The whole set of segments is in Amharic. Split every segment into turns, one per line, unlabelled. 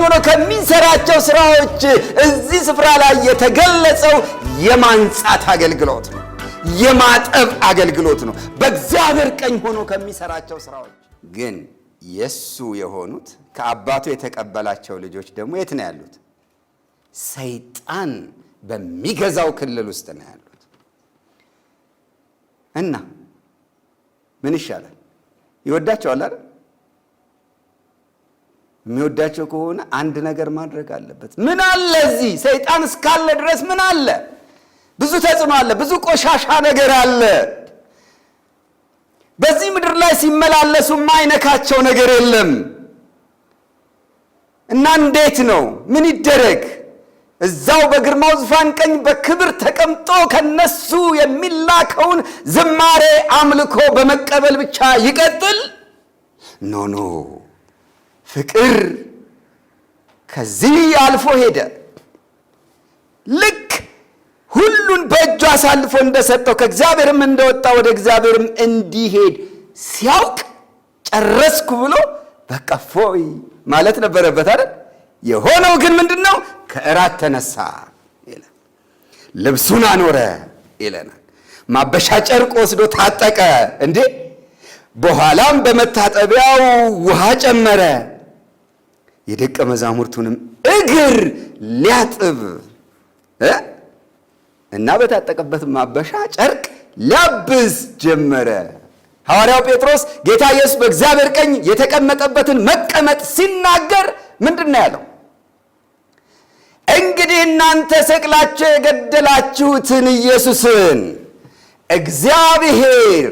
በቀኝ ሆኖ ከሚሰራቸው ስራዎች እዚህ ስፍራ ላይ የተገለጸው የማንጻት አገልግሎት ነው። የማጠብ አገልግሎት ነው። በእግዚአብሔር ቀኝ ሆኖ ከሚሰራቸው ስራዎች ግን የሱ የሆኑት ከአባቱ የተቀበላቸው ልጆች ደግሞ የት ነው ያሉት? ሰይጣን በሚገዛው ክልል ውስጥ ነው ያሉት። እና ምን ይሻላል? ይወዳቸዋል አይደል? የሚወዳቸው ከሆነ አንድ ነገር ማድረግ አለበት። ምን አለ እዚህ ሰይጣን እስካለ ድረስ ምን አለ? ብዙ ተጽዕኖ አለ፣ ብዙ ቆሻሻ ነገር አለ። በዚህ ምድር ላይ ሲመላለሱ የማይነካቸው ነገር የለም እና እንዴት ነው? ምን ይደረግ? እዛው በግርማው ዙፋን ቀኝ በክብር ተቀምጦ ከነሱ የሚላከውን ዝማሬ አምልኮ በመቀበል ብቻ ይቀጥል? ኖ ኖ ፍቅር ከዚህ አልፎ ሄደ። ልክ ሁሉን በእጁ አሳልፎ እንደሰጠው ከእግዚአብሔርም እንደወጣ ወደ እግዚአብሔርም እንዲሄድ ሲያውቅ ጨረስኩ ብሎ በቃ ፎይ ማለት ነበረበት አይደል? የሆነው ግን ምንድን ነው? ከእራት ተነሳ ልብሱን አኖረ ይለናል። ማበሻ ጨርቅ ወስዶ ታጠቀ። እንዴ በኋላም በመታጠቢያው ውሃ ጨመረ የደቀ መዛሙርቱንም እግር ሊያጥብ እና በታጠቀበት ማበሻ ጨርቅ ሊያብስ ጀመረ። ሐዋርያው ጴጥሮስ ጌታ ኢየሱስ በእግዚአብሔር ቀኝ የተቀመጠበትን መቀመጥ ሲናገር ምንድን ነው ያለው? እንግዲህ እናንተ ሰቅላችሁ የገደላችሁትን ኢየሱስን እግዚአብሔር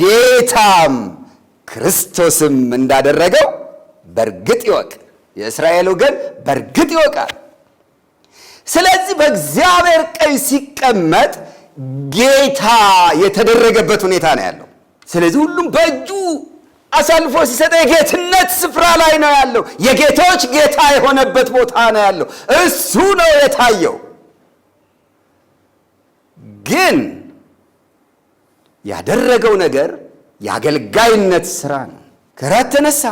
ጌታም ክርስቶስም እንዳደረገው በእርግጥ ይወቅ። የእስራኤል ወገን በእርግጥ ይወቃል። ስለዚህ በእግዚአብሔር ቀኝ ሲቀመጥ ጌታ የተደረገበት ሁኔታ ነው ያለው። ስለዚህ ሁሉም በእጁ አሳልፎ ሲሰጠ የጌትነት ስፍራ ላይ ነው ያለው። የጌቶች ጌታ የሆነበት ቦታ ነው ያለው። እሱ ነው የታየው። ግን ያደረገው ነገር የአገልጋይነት ስራ ነው። ከራት ተነሳ።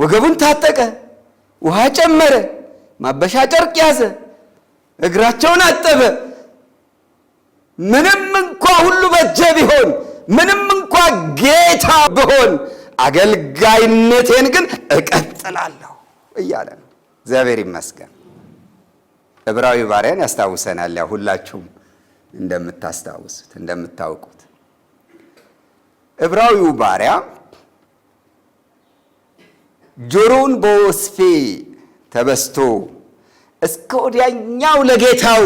ወገቡን ታጠቀ፣ ውሃ ጨመረ፣ ማበሻ ጨርቅ ያዘ፣ እግራቸውን አጠበ። ምንም እንኳ ሁሉ በጀ ቢሆን፣ ምንም እንኳ ጌታ ብሆን፣ አገልጋይነቴን ግን እቀጥላለሁ እያለ ነው። እግዚአብሔር ይመስገን። ዕብራዊ ባሪያን ያስታውሰናል። ያ ሁላችሁም እንደምታስታውሱት እንደምታውቁት ዕብራዊው ባሪያ ጆሮውን በወስፌ ተበስቶ እስከ ወዲያኛው ለጌታው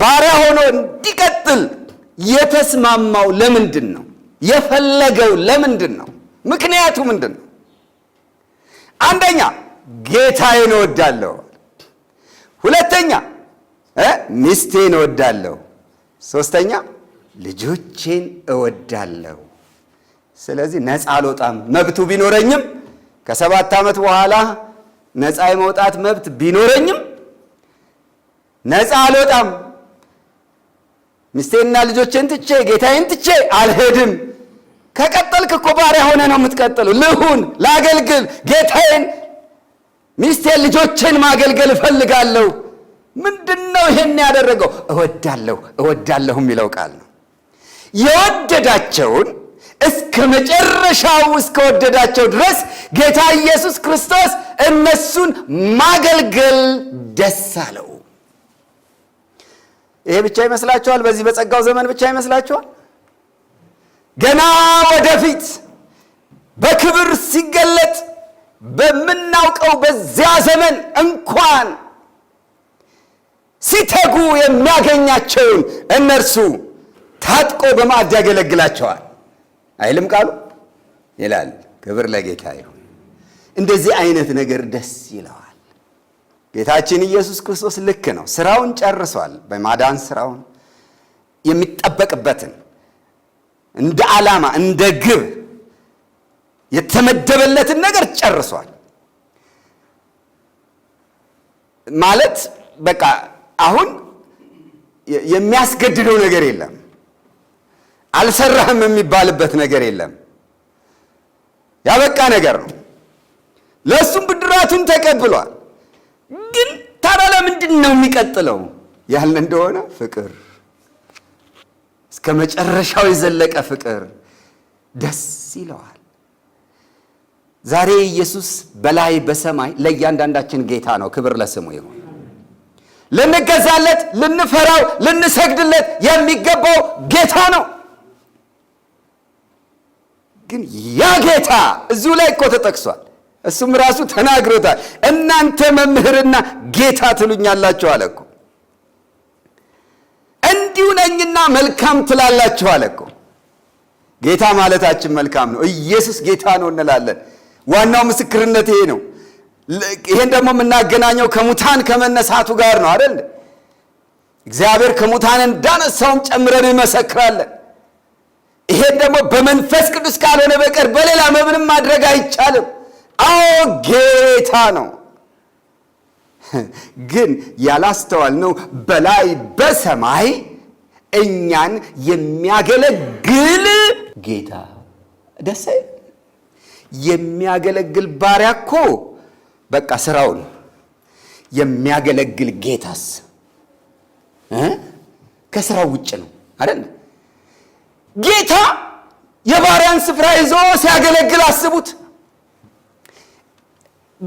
ባሪያ ሆኖ እንዲቀጥል የተስማማው ለምንድን ነው? የፈለገው ለምንድን ነው? ምክንያቱ ምንድን ነው? አንደኛ ጌታዬን እወዳለሁ፣ ሁለተኛ ሚስቴን እወዳለሁ፣ ሶስተኛ ልጆቼን እወዳለሁ። ስለዚህ ነፃ አልወጣም። መብቱ ቢኖረኝም ከሰባት ዓመት በኋላ ነፃ የመውጣት መብት ቢኖረኝም ነፃ አልወጣም። ሚስቴንና ልጆቼን ትቼ ጌታዬን ትቼ አልሄድም። ከቀጠልክ እኮ ባሪያ ሆነ ነው የምትቀጥሉ። ልሁን፣ ላገልግል፣ ጌታዬን፣ ሚስቴን፣ ልጆቼን ማገልገል እፈልጋለሁ። ምንድን ነው ይሄን ያደረገው? እወዳለሁ እወዳለሁ የሚለው ቃል ነው የወደዳቸውን እስከ መጨረሻው እስከወደዳቸው ድረስ ጌታ ኢየሱስ ክርስቶስ እነሱን ማገልገል ደስ አለው። ይሄ ብቻ ይመስላችኋል? በዚህ በጸጋው ዘመን ብቻ ይመስላችኋል? ገና ወደፊት በክብር ሲገለጥ በምናውቀው በዚያ ዘመን እንኳን ሲተጉ የሚያገኛቸውን እነርሱ ታጥቆ በማዕድ ያገለግላቸዋል። አይልም ቃሉ ይላል። ክብር ለጌታ ይሁን። እንደዚህ አይነት ነገር ደስ ይለዋል። ጌታችን ኢየሱስ ክርስቶስ ልክ ነው። ስራውን ጨርሷል። በማዳን ስራውን የሚጠበቅበትን እንደ ዓላማ እንደ ግብ የተመደበለትን ነገር ጨርሷል ማለት በቃ አሁን የሚያስገድደው ነገር የለም። አልሰራህም የሚባልበት ነገር የለም። ያበቃ ነገር ነው። ለእሱም ብድራቱን ተቀብሏል። ግን ታዲያ ለምንድን ነው የሚቀጥለው ያለ እንደሆነ ፍቅር፣ እስከ መጨረሻው የዘለቀ ፍቅር ደስ ይለዋል። ዛሬ ኢየሱስ በላይ በሰማይ ለእያንዳንዳችን ጌታ ነው። ክብር ለስሙ ይሁን። ልንገዛለት፣ ልንፈራው፣ ልንሰግድለት የሚገባው ጌታ ነው። ግን ያ ጌታ እዚሁ ላይ እኮ ተጠቅሷል። እሱም ራሱ ተናግሮታል። እናንተ መምህርና ጌታ ትሉኛላችሁ አለ እኮ። እንዲሁ ነኝና መልካም ትላላችሁ አለ እኮ። ጌታ ማለታችን መልካም ነው። ኢየሱስ ጌታ ነው እንላለን። ዋናው ምስክርነት ይሄ ነው። ይሄን ደግሞ የምናገናኘው ከሙታን ከመነሳቱ ጋር ነው አይደል? እግዚአብሔር ከሙታን እንዳነሳውም ጨምረን እንመሰክራለን። ይሄን ደግሞ በመንፈስ ቅዱስ ካልሆነ በቀር በሌላ መምንም ማድረግ አይቻልም። አዎ ጌታ ነው። ግን ያላስተዋልነው በላይ በሰማይ እኛን የሚያገለግል ጌታ ደሰ የሚያገለግል ባሪያ እኮ በቃ ስራውን የሚያገለግል ጌታስ ከስራው ውጭ ነው አይደል? ጌታ የባሪያን ስፍራ ይዞ ሲያገለግል አስቡት።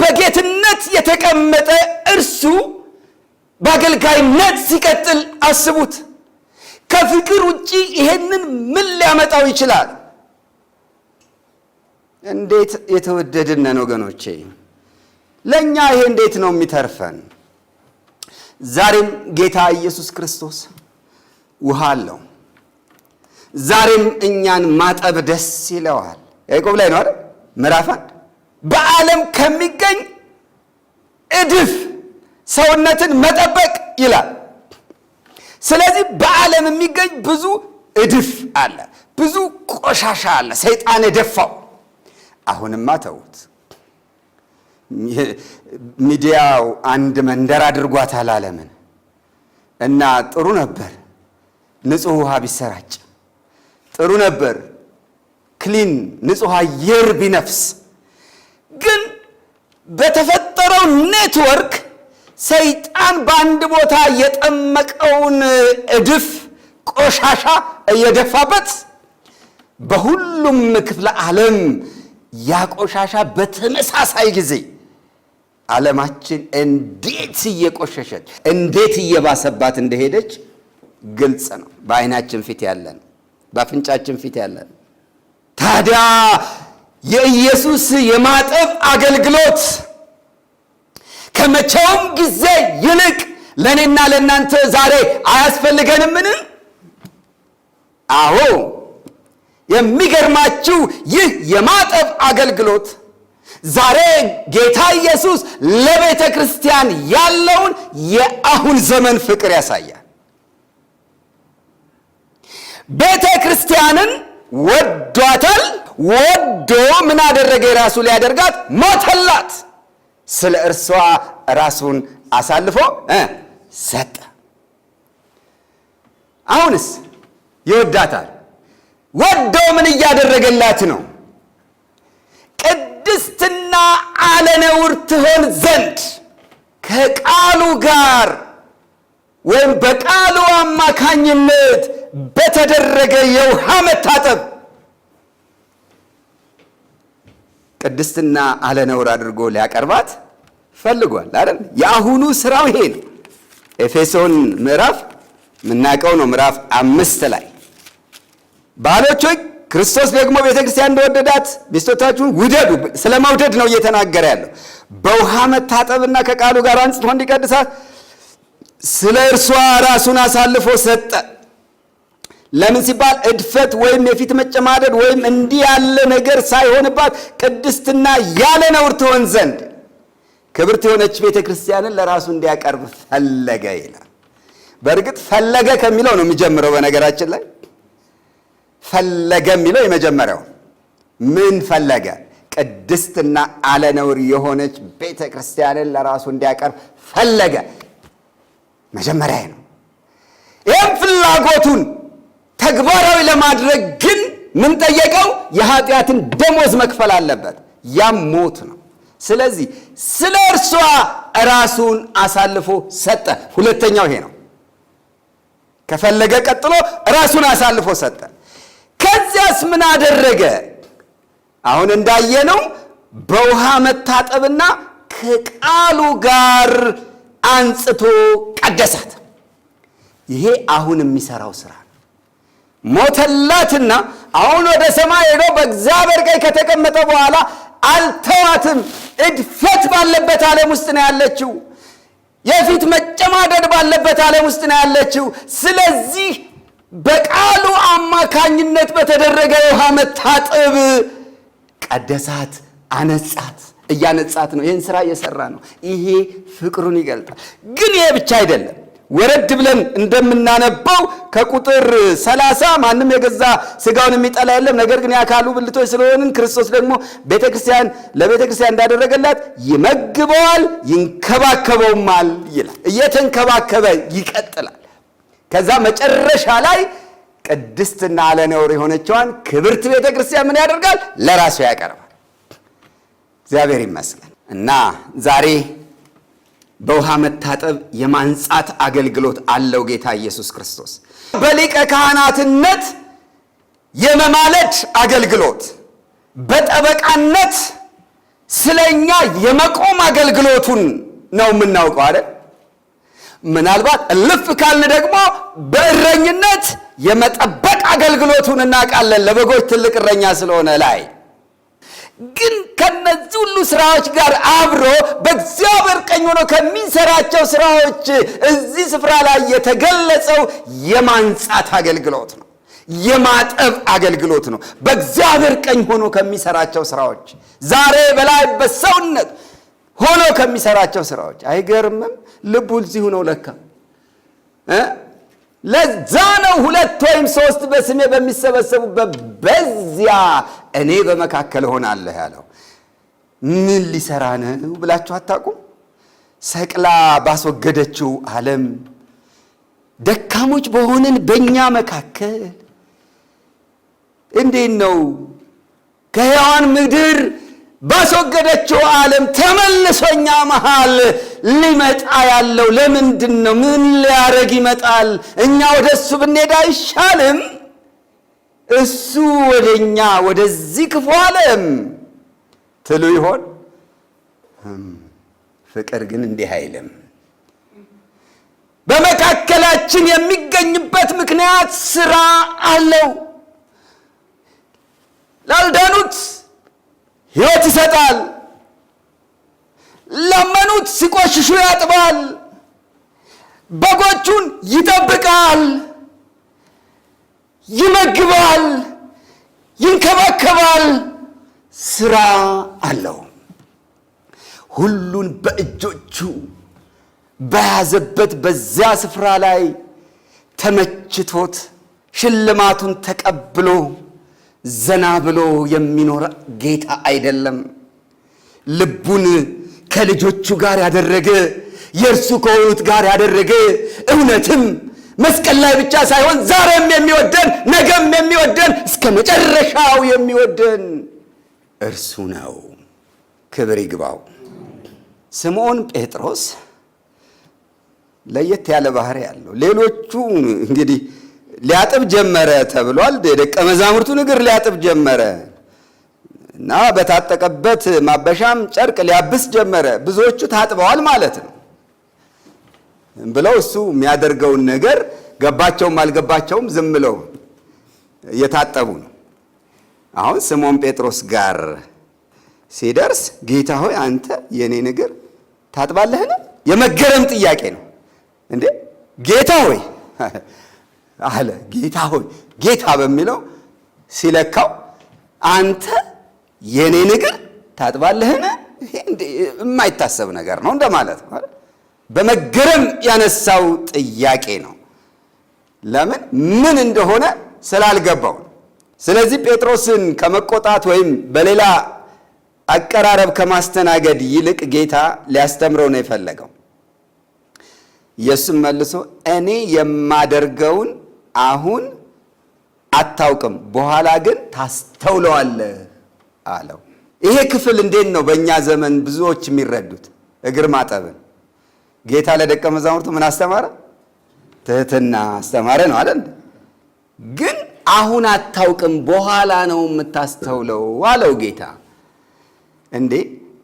በጌትነት የተቀመጠ እርሱ በአገልጋይነት ሲቀጥል አስቡት። ከፍቅር ውጪ ይሄንን ምን ሊያመጣው ይችላል? እንዴት የተወደድነን ወገኖቼ! ለእኛ ይሄ እንዴት ነው የሚተርፈን? ዛሬም ጌታ ኢየሱስ ክርስቶስ ውሃ አለው። ዛሬም እኛን ማጠብ ደስ ይለዋል። ያዕቆብ ላይ ነው አይደል? ምዕራፍ አንድ በዓለም ከሚገኝ እድፍ ሰውነትን መጠበቅ ይላል። ስለዚህ በዓለም የሚገኝ ብዙ እድፍ አለ፣ ብዙ ቆሻሻ አለ፣ ሰይጣን የደፋው። አሁንማ ተዉት። ሚዲያው አንድ መንደር አድርጓታል ዓለምን እና ጥሩ ነበር ንጹህ ውሃ ቢሰራጭ ጥሩ ነበር። ክሊን ንጹህ አየር ቢነፍስ ግን በተፈጠረው ኔትወርክ ሰይጣን በአንድ ቦታ የጠመቀውን እድፍ ቆሻሻ እየደፋበት በሁሉም ክፍለ ዓለም ያ ቆሻሻ በተመሳሳይ ጊዜ ዓለማችን እንዴት እየቆሸሸች እንዴት እየባሰባት እንደሄደች ግልጽ ነው፣ በአይናችን ፊት ያለ ነው። በአፍንጫችን ፊት ያለ ታዲያ የኢየሱስ የማጠብ አገልግሎት ከመቼውም ጊዜ ይልቅ ለእኔና ለእናንተ ዛሬ አያስፈልገንምን? አዎ፣ የሚገርማችሁ ይህ የማጠብ አገልግሎት ዛሬ ጌታ ኢየሱስ ለቤተ ክርስቲያን ያለውን የአሁን ዘመን ፍቅር ያሳያል። ቤተ ክርስቲያንን ወዷታል። ወዶ ምን አደረገ? የራሱ ሊያደርጋት ሞተላት። ስለ እርሷ ራሱን አሳልፎ ሰጠ። አሁንስ ይወዳታል። ወዶ ምን እያደረገላት ነው? ቅድስትና አለነውር ትሆን ዘንድ ከቃሉ ጋር ወይም በቃሉ አማካኝነት በተደረገ የውሃ መታጠብ ቅድስትና አለነውር አድርጎ ሊያቀርባት ፈልጓል አይደል? የአሁኑ ስራው ይሄ ነው። ኤፌሶን ምዕራፍ የምናውቀው ነው። ምዕራፍ አምስት ላይ ባሎች ሆይ ክርስቶስ ደግሞ ቤተ ክርስቲያን እንደወደዳት ሚስቶቻችሁን ውደዱ። ስለ መውደድ ነው እየተናገረ ያለው። በውሃ መታጠብና ከቃሉ ጋር አንጽቶ እንዲቀድሳት ስለ እርሷ ራሱን አሳልፎ ሰጠ። ለምን ሲባል እድፈት ወይም የፊት መጨማደድ ወይም እንዲህ ያለ ነገር ሳይሆንባት ቅድስትና ያለ ነውር ትሆን ዘንድ ክብርት የሆነች ቤተ ክርስቲያንን ለራሱ እንዲያቀርብ ፈለገ ይላል። በእርግጥ ፈለገ ከሚለው ነው የሚጀምረው። በነገራችን ላይ ፈለገ የሚለው የመጀመሪያው ምን ፈለገ? ቅድስትና አለነውር የሆነች ቤተ ክርስቲያንን ለራሱ እንዲያቀርብ ፈለገ። መጀመሪያ ነው ይህም ፍላጎቱን ተግባራዊ ለማድረግ ግን ምን ጠየቀው? የኃጢአትን ደሞዝ መክፈል አለበት። ያም ሞት ነው። ስለዚህ ስለ እርሷ ራሱን አሳልፎ ሰጠ። ሁለተኛው ይሄ ነው። ከፈለገ ቀጥሎ ራሱን አሳልፎ ሰጠ። ከዚያስ ምን አደረገ? አሁን እንዳየነው በውሃ መታጠብና ከቃሉ ጋር አንጽቶ ቀደሳት። ይሄ አሁን የሚሰራው ስራ ሞተላትና አሁን ወደ ሰማይ ሄዶ በእግዚአብሔር ቀኝ ከተቀመጠ በኋላ አልተዋትም። እድፈት ባለበት ዓለም ውስጥ ነው ያለችው። የፊት መጨማደድ ባለበት ዓለም ውስጥ ነው ያለችው። ስለዚህ በቃሉ አማካኝነት በተደረገ የውሃ መታጠብ ቀደሳት፣ አነጻት። እያነጻት ነው። ይህን ስራ እየሰራ ነው። ይሄ ፍቅሩን ይገልጣል። ግን ይሄ ብቻ አይደለም። ወረድ ብለን እንደምናነበው ከቁጥር ሰላሳ ማንም የገዛ ስጋውን የሚጠላ የለም፣ ነገር ግን የአካሉ ብልቶች ስለሆንን ክርስቶስ ደግሞ ቤተ ክርስቲያን ለቤተ ክርስቲያን እንዳደረገላት ይመግበዋል፣ ይንከባከበውማል ይላል። እየተንከባከበ ይቀጥላል። ከዛ መጨረሻ ላይ ቅድስትና አለነውር የሆነችዋን ክብርት ቤተ ክርስቲያን ምን ያደርጋል? ለራሱ ያቀርባል። እግዚአብሔር ይመስገን እና ዛሬ በውሃ መታጠብ የማንጻት አገልግሎት አለው ጌታ ኢየሱስ ክርስቶስ። በሊቀ ካህናትነት የመማለድ አገልግሎት፣ በጠበቃነት ስለ እኛ የመቆም አገልግሎቱን ነው የምናውቀው አይደል? ምናልባት እልፍ ካልን ደግሞ በእረኝነት የመጠበቅ አገልግሎቱን እናውቃለን። ለበጎች ትልቅ እረኛ ስለሆነ ላይ ግን ከነዚህ ሁሉ ስራዎች ጋር አብሮ በእግዚአብሔር ቀኝ ሆኖ ከሚሰራቸው ስራዎች እዚህ ስፍራ ላይ የተገለጸው የማንጻት አገልግሎት ነው። የማጠብ አገልግሎት ነው። በእግዚአብሔር ቀኝ ሆኖ ከሚሰራቸው ስራዎች ዛሬ በላይ በሰውነት ሆኖ ከሚሰራቸው ስራዎች አይገርምም? ልቡ እዚሁ ነው ለካ። ለዛ ነው ሁለት ወይም ሶስት በስሜ በሚሰበሰቡበት በዚያ እኔ በመካከል እሆናለሁ ያለው ምን ሊሰራ ነው ብላችሁ አታውቁም? ሰቅላ ባስወገደችው ዓለም ደካሞች በሆንን በእኛ መካከል እንዴት ነው ከሕያዋን ምድር ባስወገደችው ዓለም ተመልሶ እኛ መሃል ሊመጣ ያለው ለምንድን ነው? ምን ሊያደርግ ይመጣል? እኛ ወደ እሱ ብንሄድ አይሻልም? እሱ ወደ እኛ ወደዚህ ክፉ ዓለም ትሉ ይሆን? ፍቅር ግን እንዲህ አይልም። በመካከላችን የሚገኝበት ምክንያት ስራ አለው። ላልዳኑት ሕይወት ይሰጣል። ለመኑት ሲቆሽሹ ያጥባል። በጎቹን ይጠብቃል። ይመግባል፣ ይንከባከባል፣ ስራ አለው። ሁሉን በእጆቹ በያዘበት በዚያ ስፍራ ላይ ተመችቶት ሽልማቱን ተቀብሎ ዘና ብሎ የሚኖር ጌታ አይደለም። ልቡን ከልጆቹ ጋር ያደረገ የእርሱ ከሆኑት ጋር ያደረገ እውነትም መስቀል ላይ ብቻ ሳይሆን ዛሬም የሚወደን ነገም የሚወደን እስከ መጨረሻው የሚወደን እርሱ ነው። ክብር ይግባው። ስምዖን ጴጥሮስ ለየት ያለ ባህሪ ያለው ሌሎቹ እንግዲህ ሊያጥብ ጀመረ ተብሏል። የደቀ መዛሙርቱ እግር ሊያጥብ ጀመረ እና በታጠቀበት ማበሻም ጨርቅ ሊያብስ ጀመረ። ብዙዎቹ ታጥበዋል ማለት ነው። ብለው እሱ የሚያደርገውን ነገር ገባቸውም አልገባቸውም ዝም ብለው እየታጠቡ ነው። አሁን ስሞን ጴጥሮስ ጋር ሲደርስ ጌታ ሆይ አንተ የኔ እግር ታጥባለህን? የመገረም ጥያቄ ነው። እንዴ ጌታ ሆይ አለ። ጌታ ሆይ ጌታ በሚለው ሲለካው አንተ የኔ እግር ታጥባለህን? ይሄ የማይታሰብ ነገር ነው እንደማለት ነው። በመገረም ያነሳው ጥያቄ ነው። ለምን ምን እንደሆነ ስላልገባው። ስለዚህ ጴጥሮስን ከመቆጣት ወይም በሌላ አቀራረብ ከማስተናገድ ይልቅ ጌታ ሊያስተምረው ነው የፈለገው። ኢየሱስም መልሶ እኔ የማደርገውን አሁን አታውቅም፣ በኋላ ግን ታስተውለዋለህ አለው። ይሄ ክፍል እንዴት ነው በእኛ ዘመን ብዙዎች የሚረዱት? እግር ማጠብን ጌታ ለደቀ መዛሙርቱ ምን አስተማረ? ትህትና አስተማረ ነው አለ። ግን አሁን አታውቅም፣ በኋላ ነው የምታስተውለው አለው ጌታ። እንዴ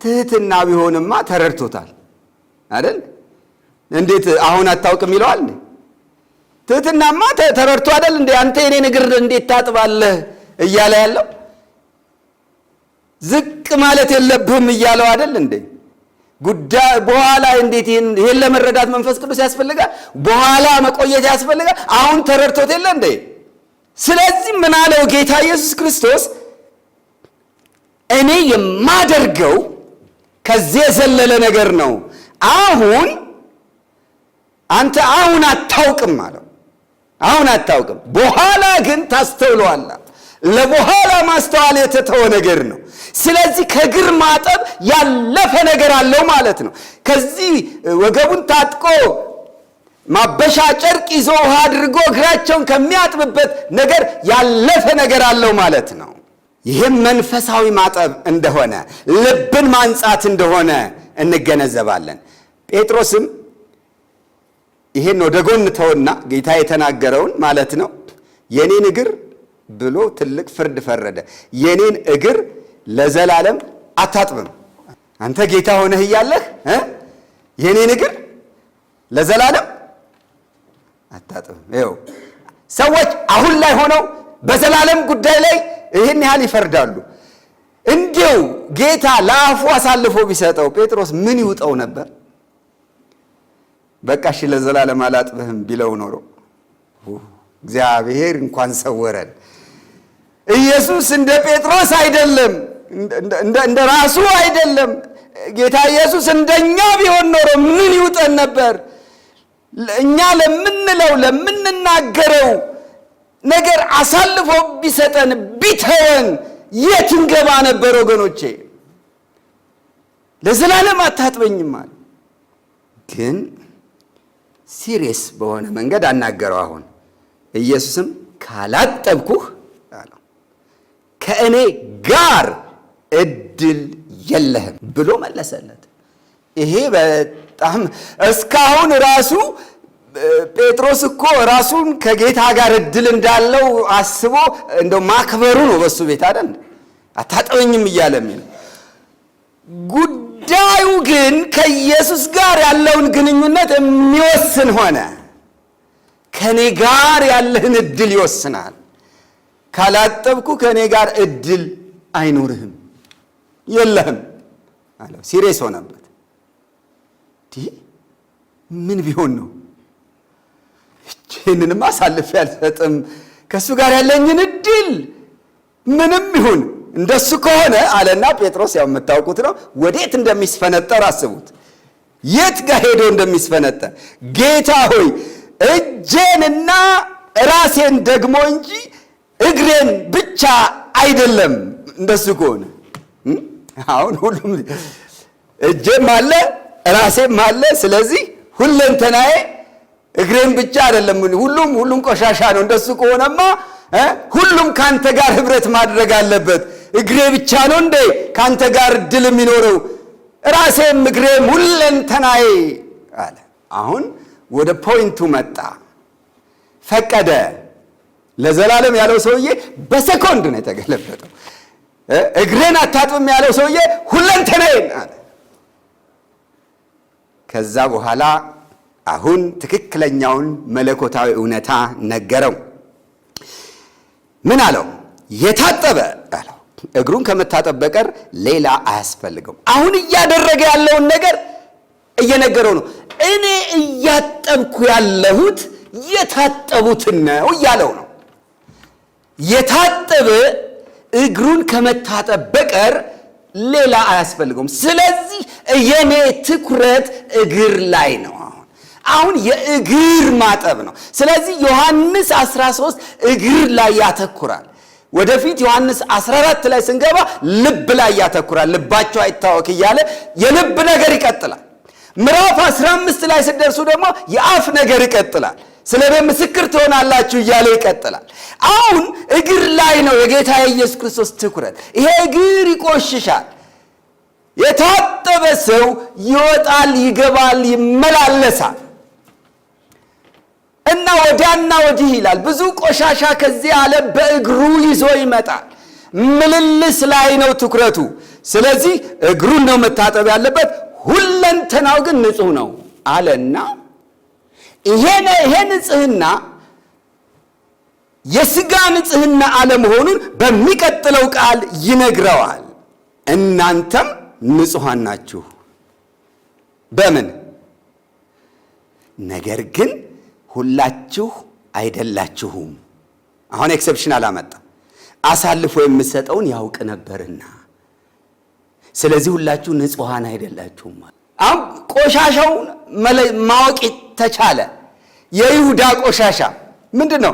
ትህትና ቢሆንማ ተረድቶታል አይደል? እንዴት አሁን አታውቅም ይለዋል? ትህትናማ ተረድቶ አይደል እንዴ አንተ የኔን እግር እንዴት ታጥባለህ እያለ ያለው ዝቅ ማለት የለብህም እያለው አይደል እንዴ ጉዳይ በኋላ እንዴት ይሄን ለመረዳት መንፈስ ቅዱስ ያስፈልጋል። በኋላ መቆየት ያስፈልጋል። አሁን ተረድቶት የለ እንዴ? ስለዚህ ምናለው ጌታ ኢየሱስ ክርስቶስ እኔ የማደርገው ከዚህ የዘለለ ነገር ነው። አሁን አንተ አሁን አታውቅም አለው። አሁን አታውቅም፣ በኋላ ግን ታስተውለዋላ። ለበኋላ ማስተዋል የተተወ ነገር ነው። ስለዚህ ከእግር ማጠብ ያለፈ ነገር አለው ማለት ነው። ከዚህ ወገቡን ታጥቆ ማበሻ ጨርቅ ይዞ ውሃ አድርጎ እግራቸውን ከሚያጥብበት ነገር ያለፈ ነገር አለው ማለት ነው። ይህም መንፈሳዊ ማጠብ እንደሆነ ልብን ማንጻት እንደሆነ እንገነዘባለን። ጴጥሮስም ይህን ወደ ጎን ተውና ጌታ የተናገረውን ማለት ነው የኔን እግር ብሎ ትልቅ ፍርድ ፈረደ። የኔን እግር ለዘላለም አታጥብም። አንተ ጌታ ሆነህ እያለህ የእኔን እግር ለዘላለም አታጥብም። ይኸው ሰዎች አሁን ላይ ሆነው በዘላለም ጉዳይ ላይ ይህን ያህል ይፈርዳሉ። እንዲሁ ጌታ ለአፉ አሳልፎ ቢሰጠው ጴጥሮስ ምን ይውጠው ነበር? በቃ እሺ ለዘላለም አላጥብህም ቢለው ኖሮ እግዚአብሔር እንኳን ሰወረን። ኢየሱስ እንደ ጴጥሮስ አይደለም። እንደ ራሱ አይደለም። ጌታ ኢየሱስ እንደኛ ቢሆን ኖሮ ምን ይውጠን ነበር? እኛ ለምንለው ለምንናገረው ነገር አሳልፎ ቢሰጠን ቢተወን የት እንገባ ነበር? ወገኖቼ ለዘላለም አታጥበኝማል። ግን ሲሪየስ በሆነ መንገድ አናገረው። አሁን ኢየሱስም ካላጠብኩህ ከእኔ ጋር እድል የለህም ብሎ መለሰለት። ይሄ በጣም እስካሁን ራሱ ጴጥሮስ እኮ ራሱን ከጌታ ጋር እድል እንዳለው አስቦ እንደው ማክበሩ ነው በሱ ቤት አይደል፣ አታጠበኝም እያለ የሚለው ጉዳዩ ግን ከኢየሱስ ጋር ያለውን ግንኙነት የሚወስን ሆነ። ከእኔ ጋር ያለህን እድል ይወስናል። ካላጠብኩ ከእኔ ጋር እድል አይኖርህም የለህም አለው። ሲሪየስ ሆነበት። ምን ቢሆን ነው ይህንንም አሳልፌ አልሰጥም። ከእሱ ጋር ያለኝን እድል ምንም ይሁን እንደሱ ከሆነ አለና ጴጥሮስ ያው የምታውቁት ነው። ወዴት እንደሚስፈነጠር አስቡት። የት ጋር ሄዶ እንደሚስፈነጠር። ጌታ ሆይ እጄንና ራሴን ደግሞ እንጂ እግሬን ብቻ አይደለም እንደሱ ከሆነ አሁን ሁሉም እጄም አለ ራሴም አለ። ስለዚህ ሁለንተናዬ እግሬን ብቻ አይደለም፣ ሁሉም ሁሉም ቆሻሻ ነው። እንደሱ ከሆነማ ሁሉም ከአንተ ጋር ህብረት ማድረግ አለበት። እግሬ ብቻ ነው እንዴ ከአንተ ጋር ድል የሚኖረው? ራሴም እግሬም ሁለንተናዬ አለ። አሁን ወደ ፖይንቱ መጣ። ፈቀደ ለዘላለም ያለው ሰውዬ በሰኮንድ ነው የተገለበጠው። እግሬን አታጥብም ያለው ሰውዬ ሁለንተናዬን አለ። ከዛ በኋላ አሁን ትክክለኛውን መለኮታዊ እውነታ ነገረው። ምን አለው? የታጠበ አለው። እግሩን ከመታጠብ በቀር ሌላ አያስፈልገውም። አሁን እያደረገ ያለውን ነገር እየነገረው ነው። እኔ እያጠብኩ ያለሁት የታጠቡትን ነው እያለው ነው። የታጠበ እግሩን ከመታጠብ በቀር ሌላ አያስፈልገውም። ስለዚህ የኔ ትኩረት እግር ላይ ነው። አሁን አሁን የእግር ማጠብ ነው። ስለዚህ ዮሐንስ 13 እግር ላይ ያተኩራል። ወደፊት ዮሐንስ 14 ላይ ስንገባ ልብ ላይ ያተኩራል። ልባቸው አይታወክ እያለ የልብ ነገር ይቀጥላል። ምዕራፍ 15 ላይ ስደርሱ ደግሞ የአፍ ነገር ይቀጥላል። ስለ እኔ ምስክር ትሆናላችሁ እያለ ይቀጥላል። አሁን እግር ላይ ነው የጌታ የኢየሱስ ክርስቶስ ትኩረት። ይሄ እግር ይቆሽሻል። የታጠበ ሰው ይወጣል፣ ይገባል፣ ይመላለሳል እና ወዲያና ወዲህ ይላል። ብዙ ቆሻሻ ከዚህ ዓለም በእግሩ ይዞ ይመጣል። ምልልስ ላይ ነው ትኩረቱ። ስለዚህ እግሩን ነው መታጠብ ያለበት፣ ሁለንተናው ግን ንጹህ ነው አለና ይሄ ንጽህና የስጋ ንጽህና አለመሆኑን በሚቀጥለው ቃል ይነግረዋል። እናንተም ንጹሐን ናችሁ በምን ነገር ግን ሁላችሁ አይደላችሁም። አሁን ኤክሰፕሽን አላመጣ አሳልፎ የምሰጠውን ያውቅ ነበርና፣ ስለዚህ ሁላችሁ ንጹሐን አይደላችሁም። አሁን ቆሻሻውን ማወቅ ተቻለ። የይሁዳ ቆሻሻ ምንድን ነው?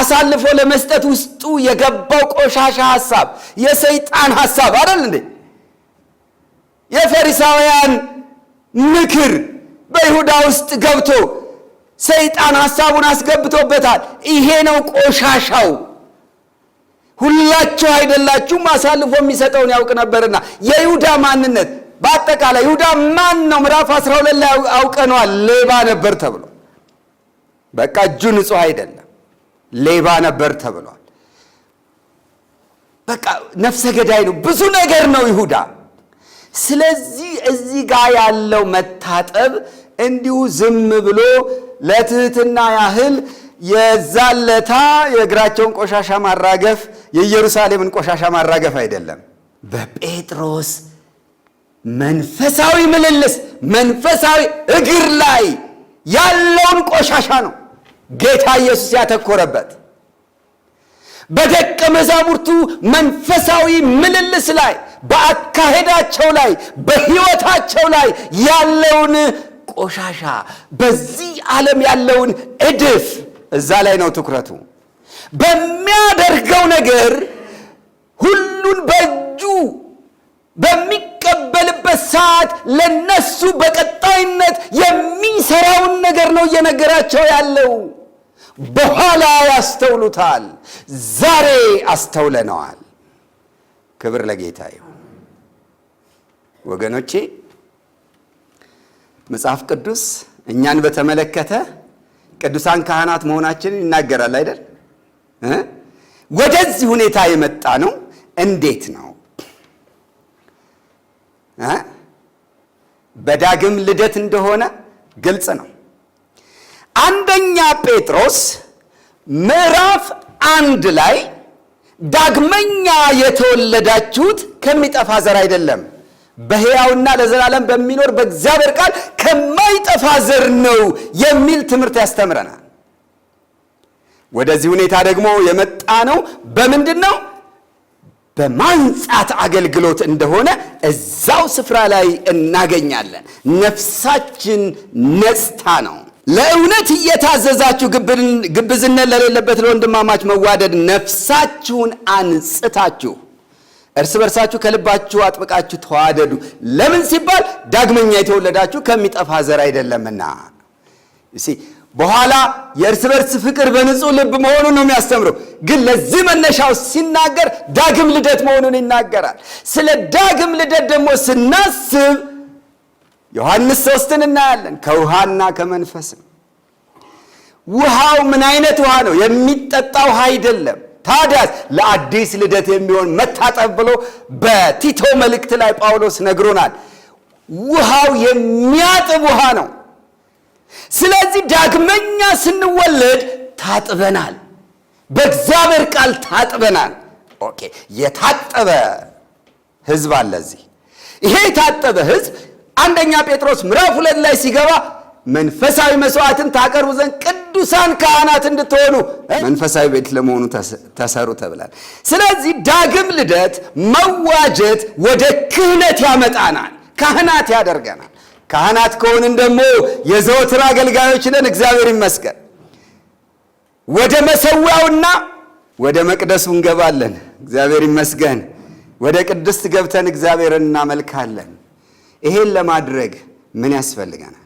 አሳልፎ ለመስጠት ውስጡ የገባው ቆሻሻ ሐሳብ፣ የሰይጣን ሐሳብ አይደል እንዴ? የፈሪሳውያን ምክር በይሁዳ ውስጥ ገብቶ ሰይጣን ሐሳቡን አስገብቶበታል። ይሄ ነው ቆሻሻው። ሁላችሁ አይደላችሁም አሳልፎ የሚሰጠውን ያውቅ ነበርና የይሁዳ ማንነት በአጠቃላይ ይሁዳ ማን ነው? ምዕራፍ 12 ላይ አውቀነዋል። ሌባ ነበር ተብሎ በቃ እጁ ንጹህ አይደለም፣ ሌባ ነበር ተብሏል። በቃ ነፍሰ ገዳይ ነው፣ ብዙ ነገር ነው ይሁዳ። ስለዚህ እዚህ ጋር ያለው መታጠብ እንዲሁ ዝም ብሎ ለትህትና ያህል የዛለታ የእግራቸውን ቆሻሻ ማራገፍ የኢየሩሳሌምን ቆሻሻ ማራገፍ አይደለም በጴጥሮስ መንፈሳዊ ምልልስ መንፈሳዊ እግር ላይ ያለውን ቆሻሻ ነው ጌታ ኢየሱስ ያተኮረበት። በደቀ መዛሙርቱ መንፈሳዊ ምልልስ ላይ በአካሄዳቸው ላይ በሕይወታቸው ላይ ያለውን ቆሻሻ በዚህ ዓለም ያለውን እድፍ እዛ ላይ ነው ትኩረቱ። በሚያደርገው ነገር ሁሉን በእጁ በሚ በሚቀበልበት ሰዓት ለነሱ በቀጣይነት የሚሰራውን ነገር ነው እየነገራቸው ያለው። በኋላ ያስተውሉታል፣ ዛሬ አስተውለነዋል። ክብር ለጌታ ይሁን። ወገኖቼ መጽሐፍ ቅዱስ እኛን በተመለከተ ቅዱሳን ካህናት መሆናችንን ይናገራል አይደል? ወደዚህ ሁኔታ የመጣ ነው። እንዴት ነው? በዳግም ልደት እንደሆነ ግልጽ ነው። አንደኛ ጴጥሮስ ምዕራፍ አንድ ላይ ዳግመኛ የተወለዳችሁት ከሚጠፋ ዘር አይደለም፣ በሕያውና ለዘላለም በሚኖር በእግዚአብሔር ቃል ከማይጠፋ ዘር ነው የሚል ትምህርት ያስተምረናል። ወደዚህ ሁኔታ ደግሞ የመጣ ነው በምንድን ነው? በማንጻት አገልግሎት እንደሆነ እዛው ስፍራ ላይ እናገኛለን። ነፍሳችን ነጽታ ነው። ለእውነት እየታዘዛችሁ ግብዝነት ለሌለበት ለወንድማማች መዋደድ ነፍሳችሁን አንጽታችሁ እርስ በርሳችሁ ከልባችሁ አጥብቃችሁ ተዋደዱ። ለምን ሲባል ዳግመኛ የተወለዳችሁ ከሚጠፋ ዘር አይደለምና በኋላ የእርስ በርስ ፍቅር በንጹህ ልብ መሆኑን ነው የሚያስተምረው። ግን ለዚህ መነሻው ሲናገር ዳግም ልደት መሆኑን ይናገራል። ስለ ዳግም ልደት ደግሞ ስናስብ ዮሐንስ ሶስትን እናያለን። ከውሃና ነው ውሃው ምን አይነት ውሃ ነው? የሚጠጣ ውሃ አይደለም። ታዲያስ ለአዲስ ልደት የሚሆን መታጠብ ብሎ በቲቶ መልእክት ላይ ጳውሎስ ነግሮናል። ውሃው የሚያጥብ ውሃ ነው። ስለዚህ ዳግመኛ ስንወለድ ታጥበናል፣ በእግዚአብሔር ቃል ታጥበናል። ኦኬ የታጠበ ህዝብ አለ እዚህ። ይሄ የታጠበ ህዝብ አንደኛ ጴጥሮስ ምዕራፍ ሁለት ላይ ሲገባ መንፈሳዊ መስዋዕትን ታቀርቡ ዘንድ ቅዱሳን ካህናት እንድትሆኑ መንፈሳዊ ቤት ለመሆኑ ተሰሩ ተብላል። ስለዚህ ዳግም ልደት መዋጀት ወደ ክህነት ያመጣናል፣ ካህናት ያደርገናል። ካህናት ከሆንን ደግሞ የዘወትር አገልጋዮች ነን። እግዚአብሔር ይመስገን። ወደ መሰዊያውና ወደ መቅደሱ እንገባለን። እግዚአብሔር ይመስገን። ወደ ቅድስት ገብተን እግዚአብሔርን እናመልካለን። ይሄን ለማድረግ ምን ያስፈልገናል?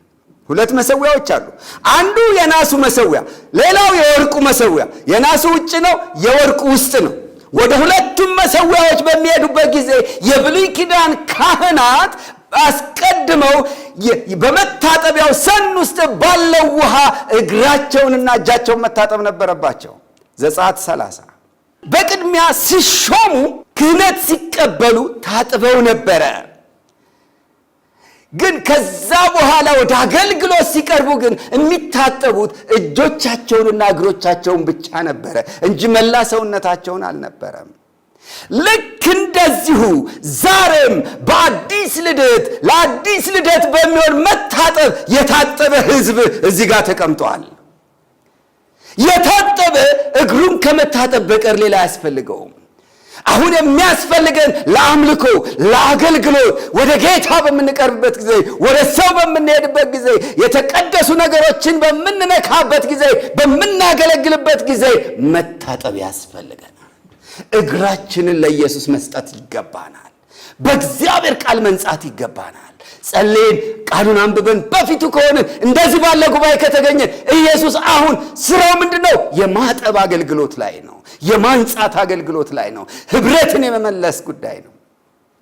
ሁለት መሰዊያዎች አሉ። አንዱ የናሱ መሰዊያ፣ ሌላው የወርቁ መሰዊያ። የናሱ ውጭ ነው፣ የወርቁ ውስጥ ነው። ወደ ሁለቱም መሰዊያዎች በሚሄዱበት ጊዜ የብሉይ ኪዳን ካህናት አስቀድመው በመታጠቢያው ሰን ውስጥ ባለው ውሃ እግራቸውንና እጃቸውን መታጠብ ነበረባቸው። ዘጸአት 30 በቅድሚያ ሲሾሙ ክህነት ሲቀበሉ ታጥበው ነበረ። ግን ከዛ በኋላ ወደ አገልግሎት ሲቀርቡ ግን የሚታጠቡት እጆቻቸውንና እግሮቻቸውን ብቻ ነበረ እንጂ መላ ሰውነታቸውን አልነበረም። ልክ እንደዚሁ ዛሬም በአዲስ ልደት ለአዲስ ልደት በሚሆን መታጠብ የታጠበ ሕዝብ እዚህ ጋር ተቀምጠዋል። የታጠበ እግሩን ከመታጠብ በቀር ሌላ አያስፈልገውም። አሁን የሚያስፈልገን ለአምልኮ፣ ለአገልግሎት ወደ ጌታ በምንቀርብበት ጊዜ፣ ወደ ሰው በምንሄድበት ጊዜ፣ የተቀደሱ ነገሮችን በምንነካበት ጊዜ፣ በምናገለግልበት ጊዜ መታጠብ ያስፈልገናል። እግራችንን ለኢየሱስ መስጠት ይገባናል። በእግዚአብሔር ቃል መንጻት ይገባናል። ጸልየን ቃሉን አንብበን በፊቱ ከሆንን እንደዚህ ባለ ጉባኤ ከተገኘን ኢየሱስ አሁን ስራው ምንድን ነው? የማጠብ አገልግሎት ላይ ነው። የማንጻት አገልግሎት ላይ ነው። ህብረትን የመመለስ ጉዳይ ነው።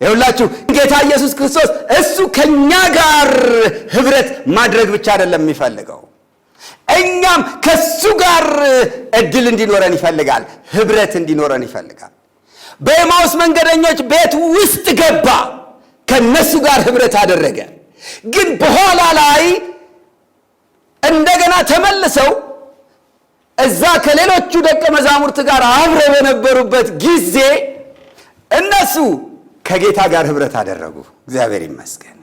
ይሁላችሁ ጌታ ኢየሱስ ክርስቶስ እሱ ከኛ ጋር ህብረት ማድረግ ብቻ አይደለም የሚፈልገው እኛም ከሱ ጋር እድል እንዲኖረን ይፈልጋል። ህብረት እንዲኖረን ይፈልጋል። በኤማውስ መንገደኞች ቤት ውስጥ ገባ፣ ከነሱ ጋር ህብረት አደረገ። ግን በኋላ ላይ እንደገና ተመልሰው እዛ ከሌሎቹ ደቀ መዛሙርት ጋር አብረው በነበሩበት ጊዜ እነሱ ከጌታ ጋር ህብረት አደረጉ። እግዚአብሔር ይመስገን።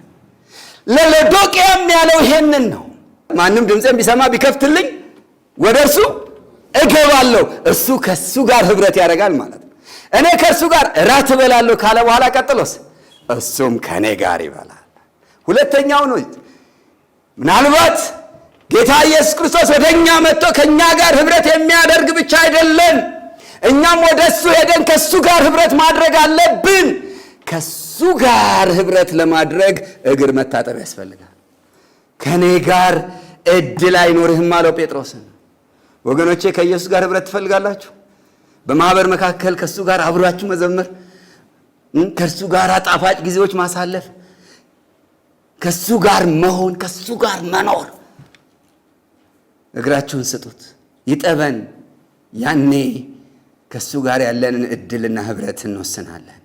ለሎዶቅያም ያለው ይሄንን ነው። ማንም ድምፄን ቢሰማ ቢከፍትልኝ ወደ እርሱ እገባለሁ፣ እርሱ ከእሱ ጋር ህብረት ያደርጋል ማለት ነው። እኔ ከእርሱ ጋር እራት እበላለሁ ካለ በኋላ ቀጥሎስ እሱም ከእኔ ጋር ይበላል። ሁለተኛው ነው። ምናልባት ጌታ ኢየሱስ ክርስቶስ ወደ እኛ መጥቶ ከእኛ ጋር ህብረት የሚያደርግ ብቻ አይደለም፣ እኛም ወደ እሱ ሄደን ከእሱ ጋር ህብረት ማድረግ አለብን። ከእሱ ጋር ህብረት ለማድረግ እግር መታጠብ ያስፈልጋል። ከእኔ ጋር እድል አይኖርህም አለው ጴጥሮስን። ወገኖቼ ከኢየሱስ ጋር ህብረት ትፈልጋላችሁ? በማኅበር መካከል ከእሱ ጋር አብራችሁ መዘመር፣ ከእርሱ ጋር ጣፋጭ ጊዜዎች ማሳለፍ፣ ከእሱ ጋር መሆን፣ ከእሱ ጋር መኖር። እግራችሁን ስጡት፣ ይጠበን። ያኔ ከእሱ ጋር ያለንን እድልና ህብረት እንወስናለን።